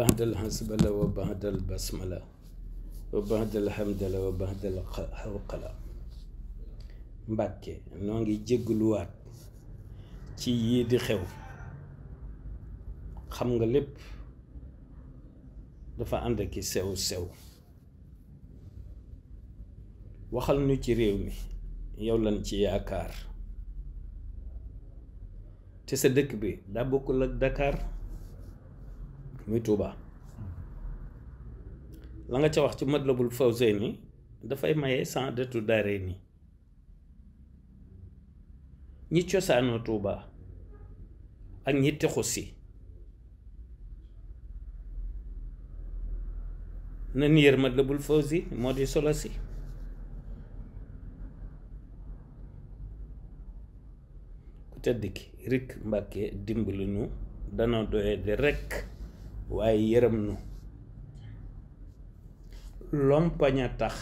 baxdal xasbala wa baxdal basmala wa baxdal xamdala wa baxdal xawqala mbàkke noo ngi jéggluwaat ci yii di xew xam nga lépp dafa ànd ki sew-sew waxal nu ci réew mi yow lan ci yaakaar te sa dëkk bi daa bokkul ak Dakar muy Touba la nga ca wax ci Matlabul ni dafay maye sans detu daare nii ñi cosaanoo Touba ak ñi texu si nan yër Matlabul Fawzi moo di solo si ku tedd ki rik Mbàkke dimbali ñu dana doye rekk waaye yërëm nu lompañ a tax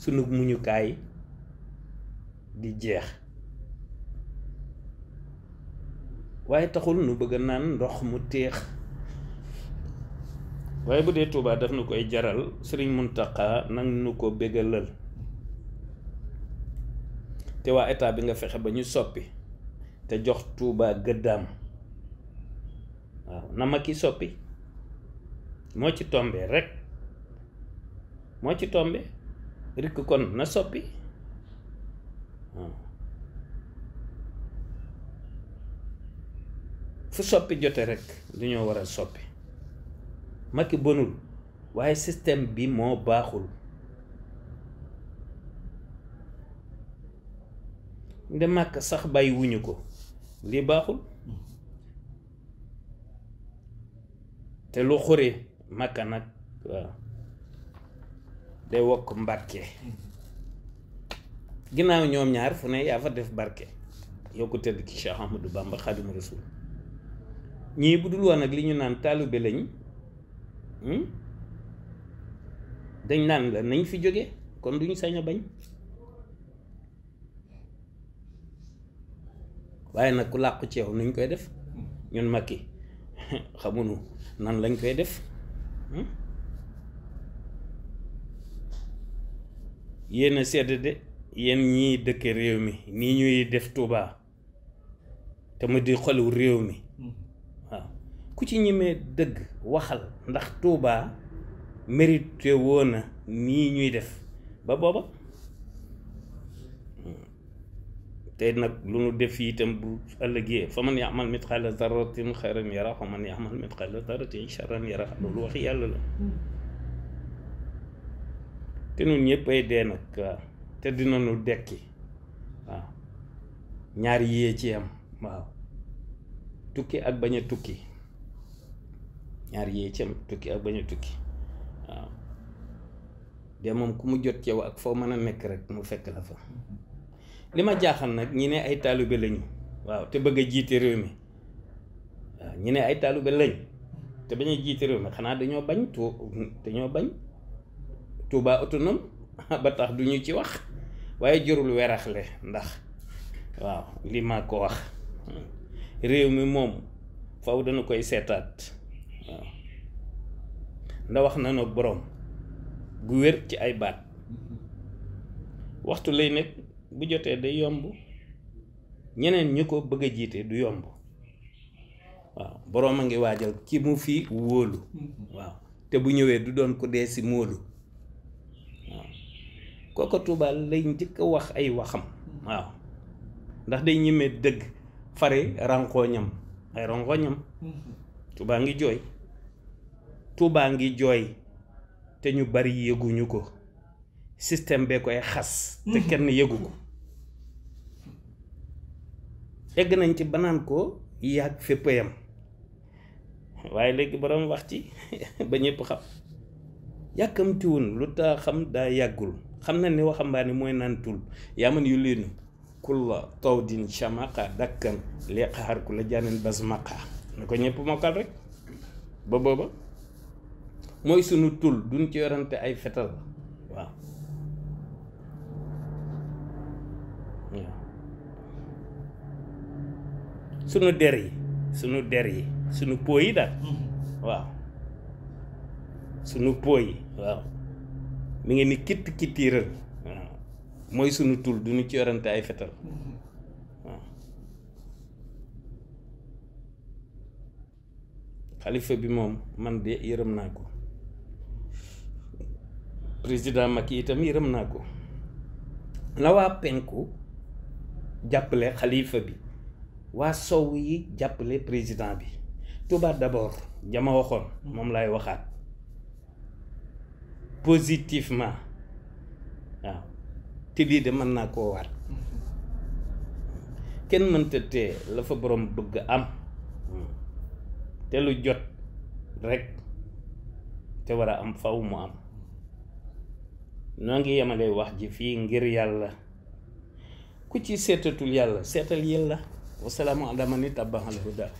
sunu muñukaay di jeex waaye taxul nu bëgg naan ndox mu téex waaye bu dee Tuubaa daf nu koy jaral Sëriñ Muntaxa nag nu ko bégalal te waa état bi nga fexe ba ñu soppi te jox Tuubaa gëddaam waaw na ma ki soppi moo ci tombe rekk moo ci tombe rikk kon na soppi waaw fu soppi jote rek du ñoo war a soppi Macky bonul waaye système bi moo baaxul nde makk sax bàyyi ko lii baaxul te lu xuri makka nag waaw day wokk mbarke ginnaaw ñoom ñaar fu ne yaa fa def barke yow ko tëdd ki Cheikh Ahmadou Bamba Xaadimu Rasuul ñii bu dul woon ak li ñu naan taalibe lañ hmm? dañ naan la nañ fi jóge kon duñu sañ a bañ waaye nag ku làqu ceew nuñ koy def ñun makki xamuñu nan lañ koy def hmm? yéen a sedd de yéen ñii dëkk réew mi nii ñuy def tuubaa te mu di xolu réew mi hmm. waaw ku ci ñemee dëgg waxal ndax tuubaa mérité woon na nii ñuy def ba booba te nag lu nu def fii itam bu ëllëgee fa man yaamal mitqaala zarratin xayran yara fa man yaamal mitqaala zarratin charran yara loolu waxi yàlla la hmm. te noonu ñëpp ay dee nag waaw te dinañu dekki waaw ñaar yee ci am waaw tukki ak bañ a tukki ñaar yee ci am tukki ak bañ a tukki waaw de moom ku mu jot yow ak foo mën a nekk rek mu fekk la fa hmm. li ma jaaxal nag ñi ne ay taalibe lañu waaw te bëgg a jiite réew mi waaw ñi ne ay taalibe lañ te bañ a jiite réew mi xanaa dañoo bañ tu dañoo bañ tuubaa autonome ba tax du ci wax waaye jërul weraxle ndax waaw li ma ko wax réew mi moom faw dana koy seetaat waaw nda wax na nag boroom gu wér ci ay baat mm-hmm. waxtu lay nekk bu jotee day yomb ñeneen ñu ko bëgg a jiite du yomb waaw boroom a ngi waajal ki mu fi wóolu waaw te bu ñëwee du doon ko dee si móolu waaw kooko Touba lay njëkk a wax ay waxam waaw ndax day ñemee dëgg fare rankoñam ay rankoñam Touba ngi jooy Touba ngi jooy te ñu bari yëguñu ko système bee koy xas te kenn yëgu ko egg nañ ci banaan ko yàgg fépp waaye léegi boroom wax ci ba ñëpp xam yàkkamtiwun lu taa xam daa yàggul xam na ni waxambaane mooy naan tul yaa man yu leenu kulla taw din shamaqa dakkan lee xaar ku la jaanin bas maqa ko ñëpp mokkal rek ba booba mooy sunu tul duñ ci yorante ay fetal waaw sunu der yi sunu der yi sunu po yi daal mhm. waaw sunu po yi waaw mi ngi ni kitt kittiiral waaw mooy sunu tul du ñu ci yorante ay fetal mhm. xalifa bi moom man de yërëm naa ko président Macky itam yërëm naa ko la waa penku jàppale xalifa bi waa sow yi jàppale président bi Touba d'abord jama waxoon moom laay waxaat positivement waaw te lii de mën naa koo waat kenn mënta tee la fa borom bëgg am te lu jot rek te war a am faw mu am noo ngi yemale wax ji fii ngir yàlla ku ci seetatul yàlla seetal la wasalaamu alaa man ittabaal huda